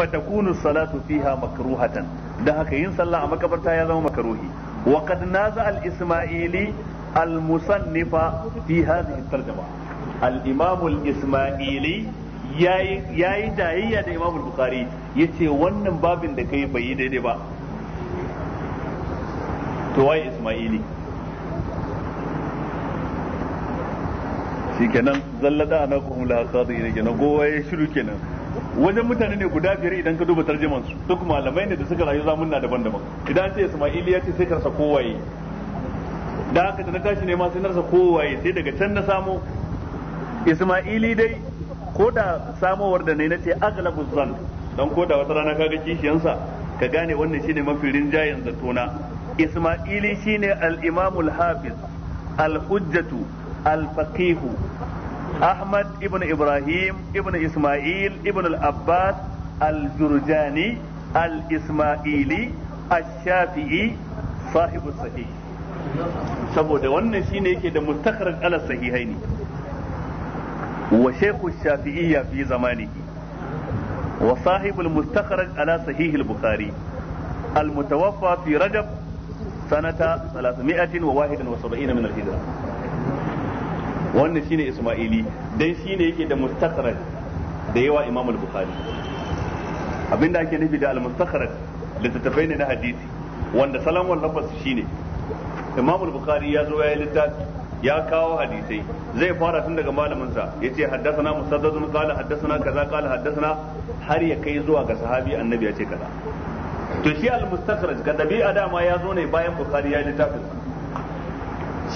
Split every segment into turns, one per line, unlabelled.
fatakunu salatu fiha makruhatan dan haka yin sallah a makabarta ya zama makruhi wa qad naza al isma'ili al musannifa fi hadhihi tarjuma al imam al isma'ili yayi jayayya da imam al bukhari yace wannan babin da kai bai yi daidai ba to wai isma'ili shikenan zallada na kuma la qadi ne kenan gowa ya shiru kenan wajen mutane ne guda biyar idan ka duba tarjuman su duk malamai ne da suka rayu zamun na daban-daban idan ce Isma'ili ya ce sai karsa kowaye da haka da na tashi ne ma sai narsa kowaye sai daga can na samo Isma'ili dai ko da samowar da ne na ce aglabu zan dan ko da wata rana kaga kishiyansa ka gane wannan shine mafi rinjayen zatona Isma'ili shine al-Imamul Hafiz al-Hujjatu al-Faqihu Ahmad ibn Ibrahim ibn Ismail ibn al-Abbas al-Jurjani al-Ismaili al saboda wannan shine yake da mustakhraj ala sahihaini wa shaykhu shafi'iyya fi zamanihi wa sahibul mustakhraj ala sahihi bukhari al-mutawaffa fi Rajab sanata 371 min al-Hijra wannan shine isma'ili dan shine yake da mustakhraj da yawa imam al-bukhari abinda ake nufi da al-mustakhraj littattafai ne na hadisi wanda salamun lafas shine imam al-bukhari ya zo ya yi littafi ya kawo hadisai zai fara tun daga malamin ya ce haddathana musaddadun kala haddathana kaza kala haddathana har ya kai zuwa ga sahabi annabi ya ce kaza to shi al-mustakhraj ga dabi'a dama ya zo ne bayan bukhari ya yi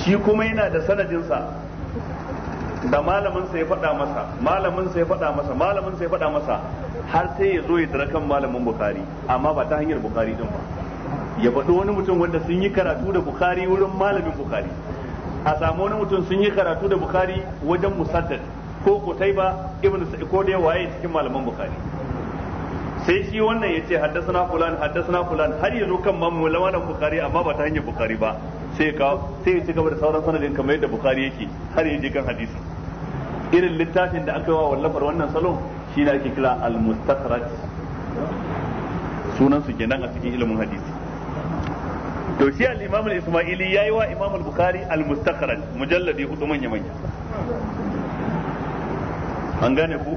shi kuma yana da sanadinsa da malamin sa ya faɗa masa malamin sa ya faɗa masa malamin sa ya faɗa masa har sai ya zo ya dara kan malamin bukhari amma ba ta hanyar bukhari din ba ya faɗi wani mutum wanda sun yi karatu da bukhari wurin malamin bukhari a samu wani mutum sun yi karatu da bukhari wajen musaddad ko ba ibn ko dai waye cikin malamin bukhari sai shi wannan ya ce haddasana fulan haddasana fulan har ya zo kan mamu lamarin bukari amma ba ta hanyar bukari ba sai ya kawo sai ya ci gaba da sauran sanadin kamar yadda bukari yake har ya je kan hadisi irin littafin da aka yi wa wallafar wannan salon shi ne ake kira al-mustakhraj sunan su kenan a cikin ilimin hadisi to shi al-imam al-isma'ili yayi wa imam al-bukhari al-mustakhraj mujalladi hudu manya manya an gane ku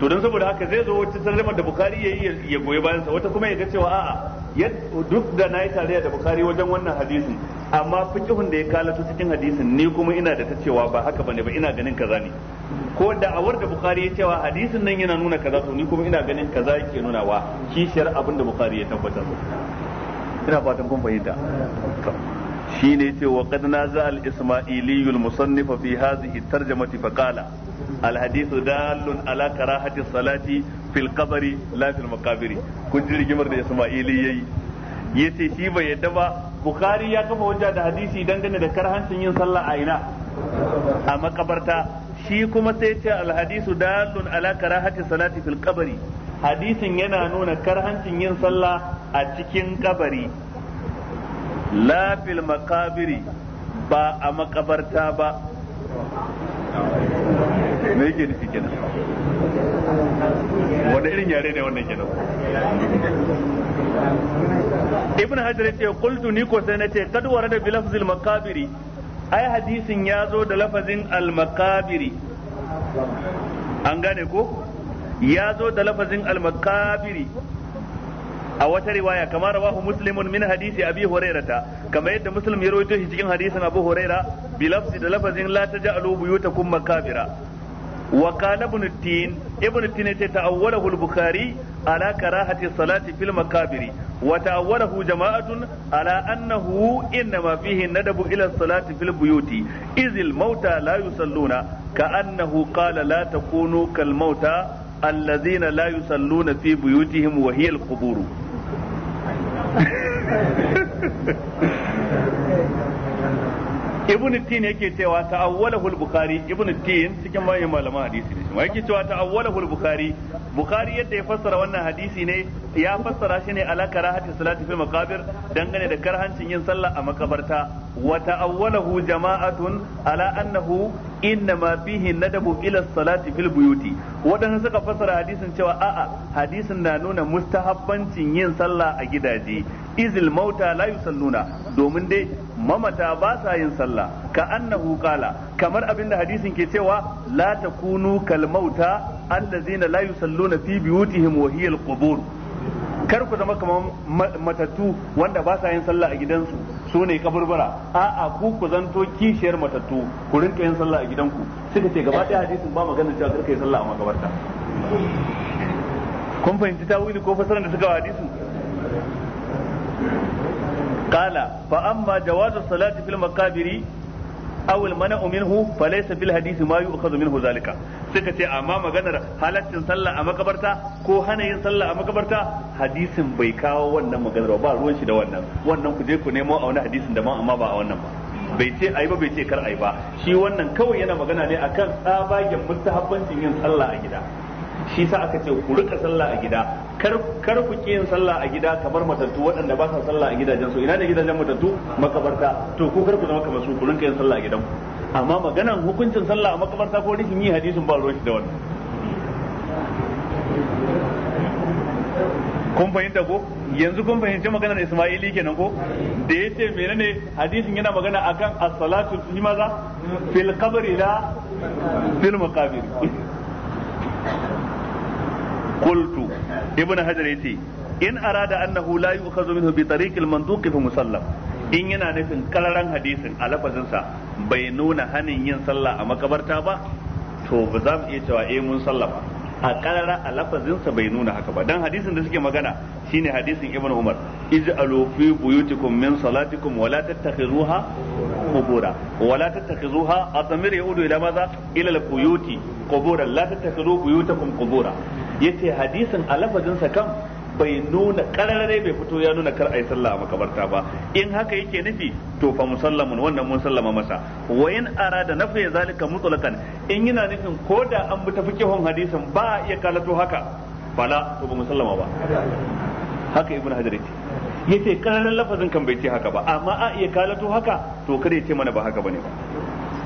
to don saboda haka zai zo wata tarjamar da bukari ya yi ya goyi sa wata kuma ya ga cewa a'a duk da na yi tarayya da bukari wajen wannan hadisin amma fikihun da ya kalato cikin hadisin ni kuma ina da ta cewa ba haka bane ba ina ganin kaza ne ko da awar da bukari ya cewa hadisin nan yana nuna kaza to ni kuma ina ganin kaza yake nuna wa kishiyar abin da bukari ya tabbatar ina fatan kun fahimta shine yace wa qad naza al isma'ili al musannif fi hadhihi tarjamati fa qala al hadith dalun ala karahati salati fil qabri la fil maqabiri kun ji rigimar da isma'ili yayi yace shi bai yadda ba bukhari ya kafa hujja da hadisi dangane da karhancin yin sallah a ina a makabarta shi kuma sai ce al lun, dalun ala karahati salati fil qabri hadisin yana nuna karhancin yin sallah a cikin kabari lafil makabiri ba a makabarta ba me yake nufi kenan wanda irin yare ne wannan kenan ibn hajar ya ce qultu ni ko sai na ce kad warada bi lafzil maqabiri ai hadisin ya zo da lafazin al maqabiri an gane ko ya zo da lafazin al maqabiri a wata riwaya kamar rawahu muslimun min hadisi abi hurairata kamar yadda muslim ya rawaito shi cikin hadisin abu huraira bi lafzi da lafazin la taj'alu buyutakum makabira wa qala ibn tin ibn tin ta ta'awwalahu al-bukhari ala karahati salati fil makabiri wa ta'awwalahu jama'atun ala annahu innama fihi nadabu ila salati fil buyuti izil mauta la yusalluna Annahu qala la takunu kal mauta الذين لا يصلون في بيوتهم وهي القبور ibn tin yake cewa ta'awwalahu al-bukhari ibn tin cikin manyan malaman hadisi ne kuma yake cewa ta'awwalahu al-bukhari bukhari yadda ya fassara wannan hadisi ne ya fassara shi ne ala karahati salati fil maqabir dangane da karhancin yin sallah a makabarta wa ta awwalahu jama'atun ala annahu inna ma fihi nadabu ila salati fil buyuti wadanda suka fassara hadisin cewa a'a hadisin na nuna mustahabbancin yin sallah a gidaje izil mauta la yusalluna domin dai mamata ba sa yin sallah ka annahu qala kamar abinda hadisin ke cewa la takunu kal mauta allazina la yusalluna fi buyutihim wa hiya al qubur kar ku zama kamar matattu wanda ba sa yin sallah a gidansu su ne kaburbura a'a ku ku zanto kishiyar matattu ku rinka yin sallah a gidanku suka ce gaba ɗaya hadisin ba magana cewa kar yi sallah a makabarta kun fahimci ta wuli ko fasaran da suka wa hadisin قال فأما جواز الصلاة في المقابر aw al mana'u minhu falaysa bil hadisi ma yu'khadhu minhu zalika suka ce amma maganar halaccin sallah a makabarta ko hanayin sallah a makabarta hadisin bai kawo wannan maganar ba ruwan shi da wannan wannan ku je ku nemo a wani hadisin daban amma ba a wannan ba bai ce ayi ba bai ce kar ayi ba shi wannan kawai yana magana ne akan tsabagen mustahabbancin yin sallah a gida shi sa aka ce ku rika sallah a gida kar ku yin sallah a gida kamar matattu waɗanda ba sa sallah a gidajen su ina ne gidajen matattu makabarta to ku kar ku zama kamar su ku rinka yin sallah a gidan amma maganan hukuncin sallah a makabarta ko rikin yi hadisin ba ruwan shi da wannan kun fahimta ko yanzu kun fahimci maganar Ismaili kenan ko da yace menene hadisin yana magana akan as-salatu fi maza fil qabri la fil maqabir qultu ibnu hajar ce in arada annahu la yu'khadhu minhu bi tariqil mantuq fi musallam in yana nufin kararan hadisin a lafazin bai nuna hanin yin sallah a makabarta ba to ba za mu iya eh, mun a karara a lafazin sa bai nuna haka ba dan hadisin da suke magana shine hadisin ibnu umar ij'alu fi buyutikum min salatikum tattakhizuha qubura tattakhizuha atamir yaudu ila maza ila al-buyuti qubura la tattakhizu buyutakum qubura yace hadisin a lafazinsa kan bai nuna kararare bai fito ya nuna kar ai sallah a makabarta ba in haka yake nufi to fa musallamun wannan mun sallama masa wa in arada nafi zalika mutlaqan in yana nufin ko da an bi tafkihun hadisin ba iya kalato haka fala to ba musallama ba haka ibnu hajar yace yace kararren lafazin kan bai ce haka ba amma a iya kalato haka to kada ya ce mana ba haka bane ba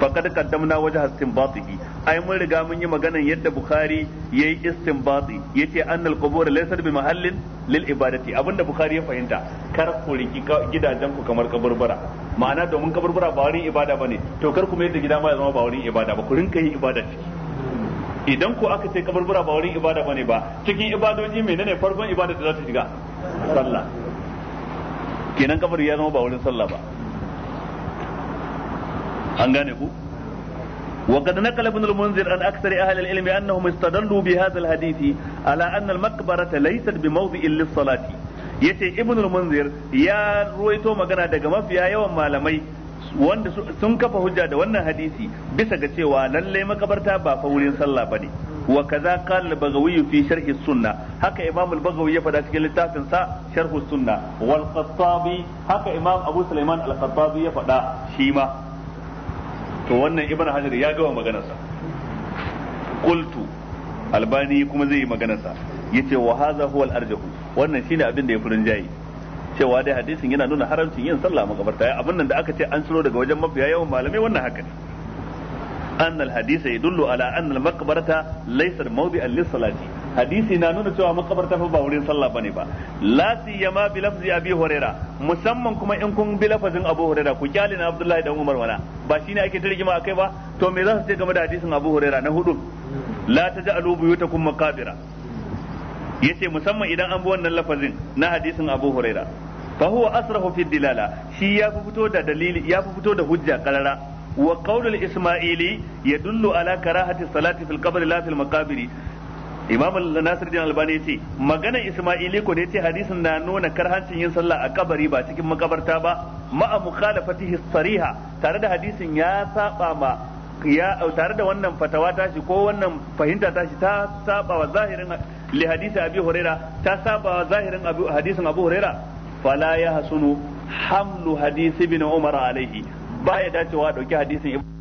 faqad qaddamna wajha istinbatihi ai mun riga mun yi maganan yadda bukhari yayi istinbati yace annal qubur laysa bi mahallin lil ibadati abinda bukhari ya fahimta kar ku riki gidajen ku kamar kaburbura ma'ana domin kaburbura ba wurin ibada bane to kar ku mai da gida ma ya zama ba wurin ibada ba ku rinka yin ibada ciki idan ku aka ce kaburbura ba wurin ibada bane ba cikin ibadoji menene farkon ibada da za ta shiga sallah kenan kabari ya zama ba wurin sallah ba an gane ku وقد نقل ابن المنذر عن أكثر أهل العلم أنهم استدلوا بهذا الحديث على أن المقبرة ليست بموضع للصلاة yace ibn al-munzir ya ruwaito magana daga mafiya yawan malamai wanda sun kafa hujja da wannan hadisi bisa ga cewa lalle makabarta ba fa wurin sallah bane wa kaza qala al-baghawi fi sharh sunna haka imam al-baghawi ya faɗa cikin littafin sa sharh sunna wal qattabi haka imam abu sulaiman al-qattabi ya faɗa shi ma to wannan ibn hajar ya gama maganarsa qultu albani kuma zai yi maganarsa yace wa hadha huwa al-arjahu wannan shine abin da ya furin jayi cewa dai hadisin yana nuna haramcin yin sallah makabarta ya abin nan da aka ce an ciro daga wajen mafiya yawan malamai wannan haka ne annal hadisa yadullu ala al maqbarata laysa mawdi'an lis-salati hadisi na nuna cewa makabarta fa ba wurin sallah bane ba la siyama bi lafzi abi huraira musamman kuma in kun bi lafazin abu huraira ku kyale na abdullahi dan umar wala ba shine ake tarjima akai ba to me za su ce game da hadisin abu huraira na hudu la taj'alu buyutakum maqabira yace musamman idan an bi wannan lafazin na hadisin abu huraira fa huwa asrahu fi dilala shi ya fi fito da dalili ya fi fito da hujja qarara wa qaulul isma'ili yadullu ala karahati salati fil qabr la fil maqabir imam nasiruddin albani yace magana isma'ili ko da ce hadisin na nuna karhancin yin sallah a kabari ba cikin makabarta ba ma'a mukhalafatihi sariha tare da hadisin ya saba ma ya tare da wannan fatawa tashi ko wannan fahimta tashi ta saba wa zahirin li hadisi abi huraira ta saba wa zahirin hadisin abu huraira fala ya hasunu hamlu hadisi ibn umar alaihi baya dacewa dauki hadisin